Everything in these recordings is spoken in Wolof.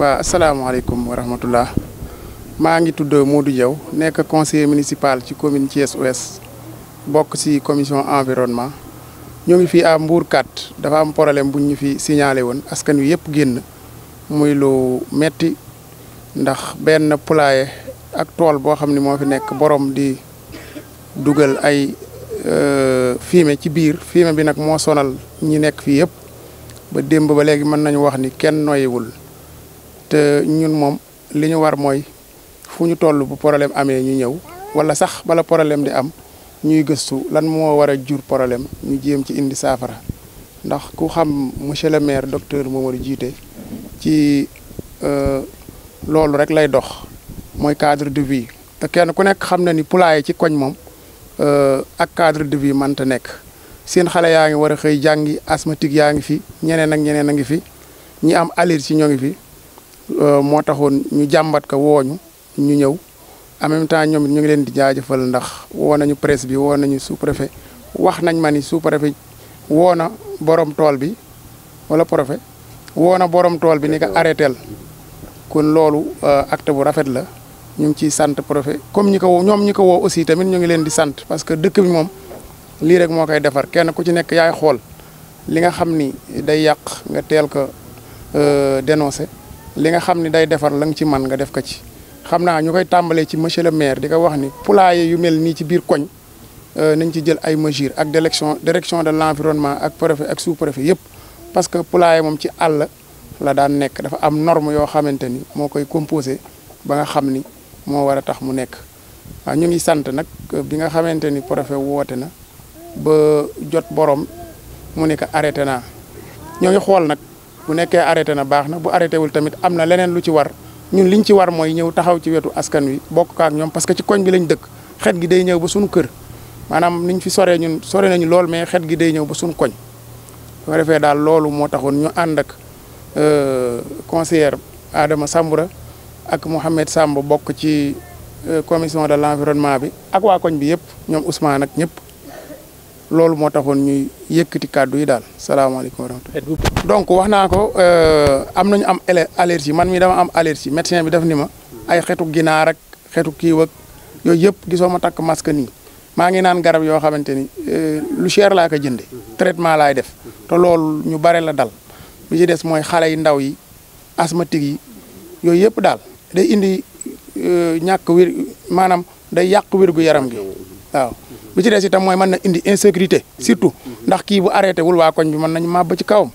waa asalaamaaleykum wa rahmatullah maa ngi tudd Modou jaw nekk conseiller municipal ci commune Thiès Ouest bokk ci commission environnement ñoo ngi fii à Mbour 4 dafa am problème bu ñu fi signalé woon askan wi yëpp génn muy lu metti ndax benn poulailler ak tool boo xam ne moo fi nekk borom di dugal ay euh, fumier ci biir fumier bi nag moo sonal ñi nekk fii yëpp ba démb ba léegi mën nañu wax ni kenn noyiwul te ñun moom li ñu war mooy fu ñu toll bu problème amee ñu ñëw wala sax bala poroblème di am ñuy gëstu lan moo war a jur problème ñu jéem ci indi saafara ndax ku xam monsieur le maire docteur Mamadou jiite ci euh, loolu rek lay dox mooy cadre de vie te kenn ku nekk xam na ni poulailler ci koñ moom euh, ak cadre de vie mënta nekk seen xale yaa ngi war a xëy jàngi asthmatique yaa ngi fi ñeneen ak ñeneen a ngi fi ñi am allergie ñoo ngi fi Euh, moo taxoon ñu jàmbat ko wooñu ñu ñëw en même temps ñoom it ñu ngi leen di jaajëfal ndax woo nañu presse bi woo nañu sous-préfet wax nañ ma ni sous-préfet woo na borom tool bi wala préfet woo na borom tool bi ni ko arrêtel kon loolu euh, acte bu rafet la ñu ngi ciy sant préfet comme ñi ko woo ñoom ñi ko woo aussi tamit ñu ngi leen di sant parce que dëkk bi moom lii rek moo koy defar kenn ku ci nekk yaay xool li nga xam ni day yàq nga teel ko euh, dénoncer li nga xam ni day defar lang ci man nga def ko ci xam naa ñu koy tàmbalee ci monsieur le maire di ko wax ni poulailler yu mel nii ci biir koñ euh, nañ ci jël ay mesures ak direction direction de l'environnement ak préfet ak sous-préfet yëpp parce que poulailler moom ci àll la daan nekk dafa am norme yoo xamante ni moo koy composé ba nga xam ni moo war a tax mu nekk waaw ñu ngi sant nag euh, bi nga xamante ni préfet woote na ba jot borom mu ne ko arrêté naa ñoo xool nag bu nekkee arrêté na baax na bu arrêté wul tamit am na leneen lu ci war ñu liñ ci war mooy ñëw taxaw ci wetu askan wi bokk ko ak ñoom parce que ci koñ bi lañ dëkk xet gi day ñëw ba suñu kër maanaam niñ fi soree ñun sore nañu lool mais xet gi day ñëw ba suñu koñ bu ko daal loolu moo taxoon ñu ànd ak euh, conseillère Adama Sambura ak Mouhamed Samb bokk ci euh, commission de l'environnement bi ak waa koñ bi yëpp ñoom Ousmane ak ñëpp loolu moo taxoon ñuy yëkkati kàddu yi daal salaamaaleykum wa rahmatulah. donc wax naa ko euh, am nañu am allergie man mi dama am allergie médecin bi def ni ma ay xeetu ginaar ak xeetu kiiw ak yooyu yëpp gisoo ma takk masque nii maa ngi naan garab yoo xamante ni euh, lu cher laa ko jënde traitement laay def te loolu ñu bare la dal li des mooy xale yi ndaw yi asthmatique yooyu yëpp daal day indi euh, ñàkk wér maanaam day yàq wér yaram gi waaw. bi ci des itam mooy mën na indi insécurité surtout ndax kii bu arrêté wul waa koñ bi mën nañu màbb ci kawam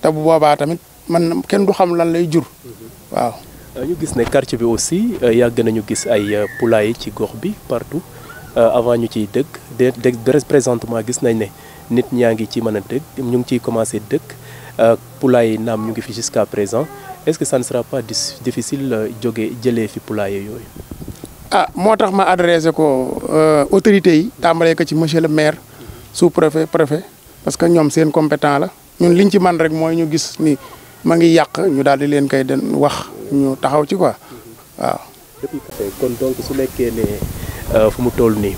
te bu boobaa tamit man kenn du xam lan lay jur waaw. Euh, ñu gis ne quartier bi aussi euh, yàgg nañu gis ay euh, poulailler ci gox bi partout avant ñu ciy dëkk de de présentement gis nañ ne nit ñaa ngi ci mën a dëkk ñu ngi ciy commencé dëkk poulailler naam ñu ngi fi jusqu'à présent est-ce que san ne sera pas difficile jóge jëlee fi poulailler yooyu. ah moo tax ma adressé ko euh, autorités yi tàmbalee ko ci monsieur le maire sous préfet préfet parce que ñoom seen compétent la ñun liñ ci man rek mooy ñu gis ni ma ngi yàq ñu daal di leen koy den wax ñu taxaw ci quoi waaw. kon donc su nekkee ne euh, fu mu toll nii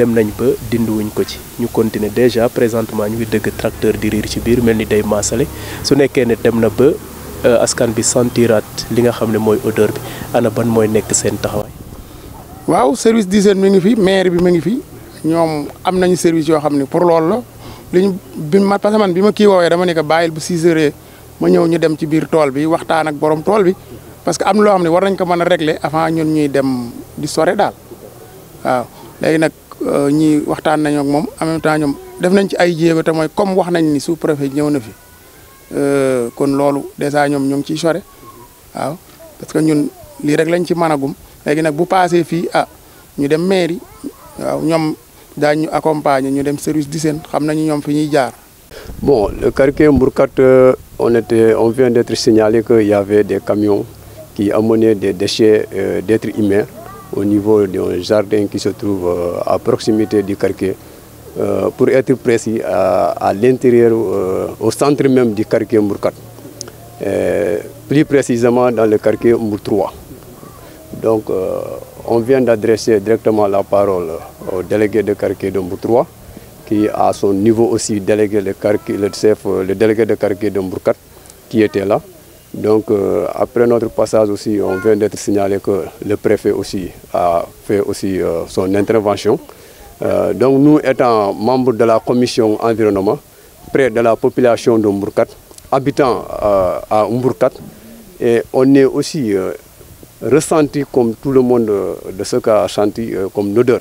dem nañ ba dindiwuñ ko ci ñu continuer déjà présentement ñu ngi dëgg tracteur di riir ci biir mel ni day maasale su nekkee ne dem na ba euh, askan bi sentiraat li nga xam ne mooy odeur bi ana ban mooy nekk seen taxawaay. waaw service d'hygiène mi ngi fi maire bi mi ngi fi ñoom am nañu service yoo xam ne pour loolu la li ñu bi ma parce man bi ma kii woowee dama ne ko bàyyil bu 6 heures ma ñëw ñu dem ci biir tool bi waxtaan ak borom tool bi parce que am loo xam ne war nañ ko mën a régler avant ñun ñuy dem di sore daal waaw léegi nag euh, ñi waxtaan nañoo moom en même ñoom def nañ ci ay jéego te mooy comme wax nañ ni sous préfet ñëw na fi euh, kon loolu dèjà ñoom ñoo ngi ciy sore waaw parce que ñun lii rek lañ ci mën léegi nak bu passé fi ah ñu dem mairie waaw ñoom accompagner ñu dem service d'hygiène xam nañu ñoom fi ñuy jaar. Bon, le quartier Mbourkat, euh, on, était, on vient d'être signalé qu'il y avait des camions qui amenaient des déchets euh, d'êtres humains au niveau d'un jardin qui se trouve euh, à proximité du quartier. Euh, pour être précis, à, à l'intérieur, au centre même du quartier Mourkat. plus précisément dans le quartier Mbour 3. Donc, euh, on vient d'adresser directement la parole au délégué de quartier de 3, qui à son niveau aussi délégué de quartier, le chef, euh, le délégué de quartier de qui était là. Donc, euh, après notre passage aussi, on vient d'être signalé que le préfet aussi a fait aussi son intervention. donc, nous étant membres de la commission environnement, près de la population de habitant habitants à Mboukat, et on est aussi ressenti comme tout le monde euh, de ce qu'a senti euh, comme l'odeur.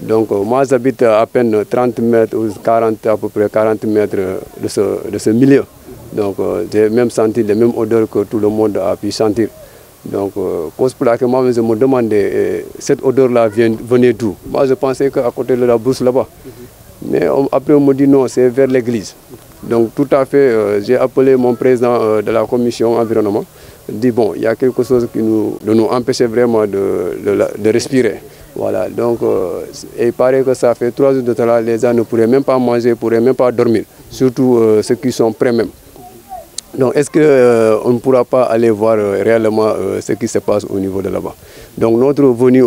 Donc euh, moi j'habite à peine 30 mètres ou 40 à peu près 40 mètres de ce, milieu. Donc j'ai même senti les mêmes odeurs que tout le monde a pu sentir. Donc, cause pour laquelle moi, je me demandais, cette odeur-là venait d'où Moi, je pensais qu'à côté de la bourse là-bas. Mais après, on me dit non, c'est vers l'église. Donc, tout à fait, j'ai appelé mon président de la commission environnement dit il y a quelque chose qui nous, empêchait vraiment de, respirer. Voilà, donc euh, il paraît que ça fait trois jours de temps, les gens ne pourraient même pas manger, ne pourraient même pas dormir, surtout euh, ceux qui sont prêts même. Donc est-ce qu'on euh, ne pourra pas aller voir réellement ce qui se passe au niveau de là-bas Donc notre venue,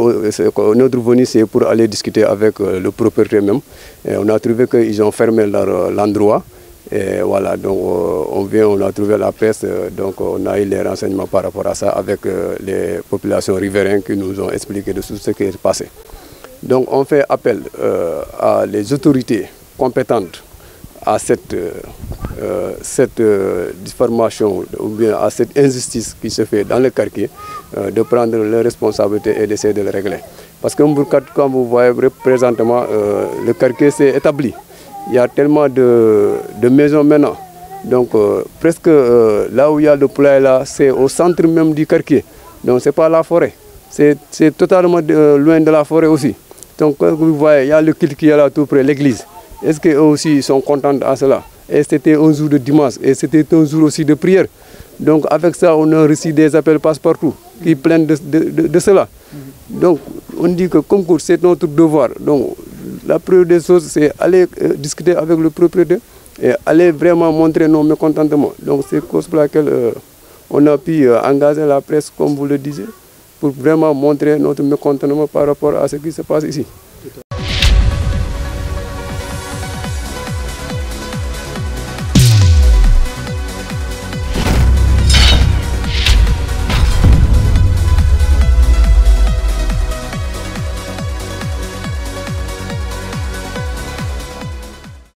notre c'est pour aller discuter avec le propriétaire même. on a trouvé qu'ils ont fermé l'endroit. Et voilà, donc euh, on vient, on a trouvé la peste, euh, donc on a eu les renseignements par rapport à ça avec euh, les populations riveraines qui nous ont expliqué de tout ce qui est passé. Donc on fait appel à les autorités compétentes à cette, disformation cette ou bien à cette injustice qui se fait dans le quartier, de prendre leurs responsabilités et d'essayer de le régler. Parce que comme vous voyez présentement, le quartier s'est établi il y a tellement de, maisons maintenant. Donc euh, presque euh, là où il y a le poulailler là, c'est au centre même du quartier. Donc ce n'est pas la forêt. C'est totalement euh, loin de la forêt aussi. Donc comme vous voyez, il y a le culte qui est là tout près, l'église. Est-ce qu'eux aussi sont contents à cela Et c'était un jour de dimanche, et c'était un jour aussi de prière. Donc avec ça, on a reçu des appels passe-partout qui plaignent de, cela. Mhm. Donc on dit que comme c'est notre devoir. Donc la première des choses, c'est aller euh, discuter avec le propriétaire et aller vraiment montrer nos mécontentements. Donc c'est cause pour laquelle euh, on a pu euh, engager la presse, comme vous le disiez, pour vraiment montrer notre mécontentement par rapport à ce qui se passe ici.